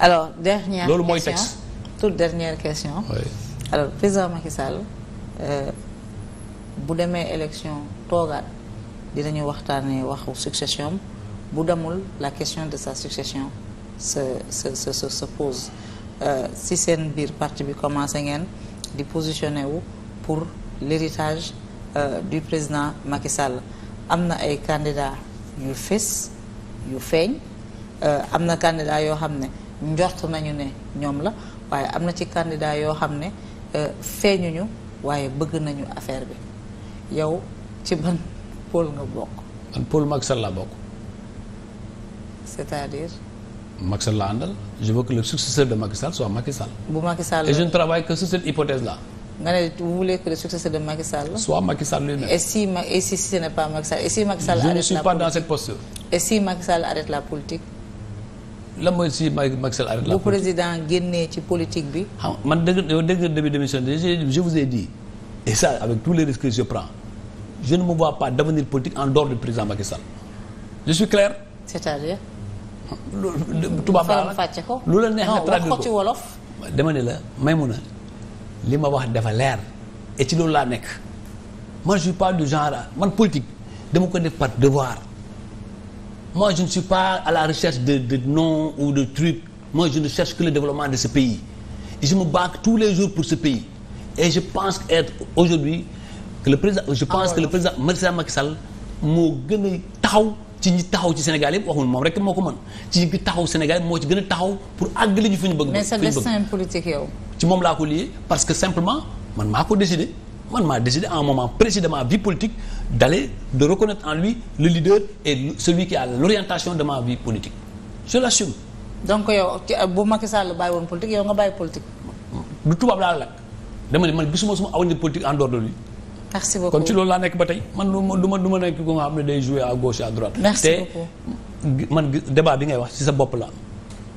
alors dernière loolu mooy texte toute dernière question. président Macky Sall euh, bu demee élection toogaat dinañu waxtaanee waxu succession bu demul la question de sa succession se se se se, se pose euh, si seen biir parti bi commencé ngeen di positionné wu pour l'héritage euh, du président Macky am na ay candidats yu fés yu feeñ euh, am na candidats yoo xam ne. njort nañu ne ñoom la waaye am na ci candidat yoo xam ne euh, feeñuñu waaye bëgg nañu affaire bi yow ci ban pôle nga bokk. man pôle Macky Sall laa bokk. c'est-à-dire. Macky laa àndal je veux que le successeur de Macky Sall soit Macky Sall. bu Macky Sall et je ne travaille que sur cette hypothèse là. nga ne ma Sall. et la politique la politique. lan mooy si Macky Sall arrête la. bu président génnee ci politique bi. xam man dëgg yow dëgg début d'émission je vous ai dit et ça avec tous les risques que je prends je ne me vois pas d'avenir politique en dehors du président Macky je suis clair. c'est-à-dire. fàcce ko. lu la neex nga traduire ko wax ko ci wolof. dama ne la Maimouna li ma wax dafa leer et ci loolu laa nekk man je suis pas du genre man politique dama ko def par devoir. moi je ne suis pas à la recherche de de noms ou de trucs moi je ne cherche que le développement de ce pays et je me bats tous les jours pour ce pays et je pense être aujourd'hui que le président je pense ah, que le président Marissa Macky Sall moo gën a taxaw ci ñi taxaw ci Sénégal yëpp waxuñu moom rek moo ko mën ci ñi taxaw Sénégal moo ci gën a taxaw pour àggali ñu fu ñu bëgg. mais sa destin politique yow. ci moom laa ko lié parce que simplement man maa ko décidé. man maa décidé en un moment précis de ma vie politique d'aller de reconnaître en lui le leader et celui qui a l'orientation de ma vie politique je l'assume donc yow bu Macky Sall bàyyi woon politique yow nga bàyyi politique du tubaab laa lakk dama ne man gisuma suma aw politique en dehors de lui merci beaucoup kon ci loolu laa nekk ba tey man du ma du ma nekk ko nga xam ne day jouer à gauche et à droite merci te man débat bi ngay wax ci sa bopp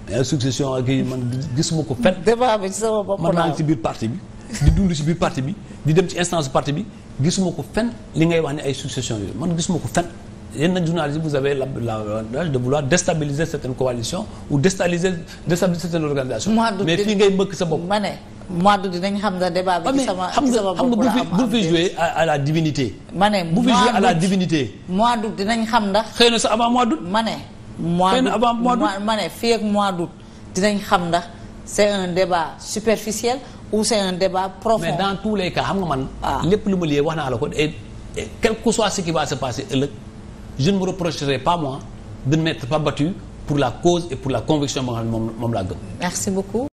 la succession man gisuma ko fenn débat bi ci sa man naa ngi biir parti bi di dund ci biir parti bi di dem ci instance parti bi gisuma ko fen li ngay wax ne ay succession yooyu man gisuma ko fen yenn journalistes vous avez l'avantage de vouloir déstabiliser certaines coalitions ou déstabiliser déstabiliser certaines organisations. mais fii ngay mbëkk sa bopp. ma ne mois d'août dinañ xam nga débat bi. Ah, ci sama xam nga xam nga bu fi jouer la divinité. ma ne bu fi jouer xam na avant mois d'août. ma mois d'août xëy na avant mois ma ne fii ak mois d'août dinañ xam ndax. c'est un débat superficiel ou c'est un débat profond. mais dans tous les cas xam nga man. Ah. lépp lu ma lié wax naa la ko et quel que soit ce qui va se passer ëllëg je ne me reprocherai pas moi de ne m'être pas battu pour la cause et pour la conviction ba nga xam ne moom moom laa gëm. merci beaucoup.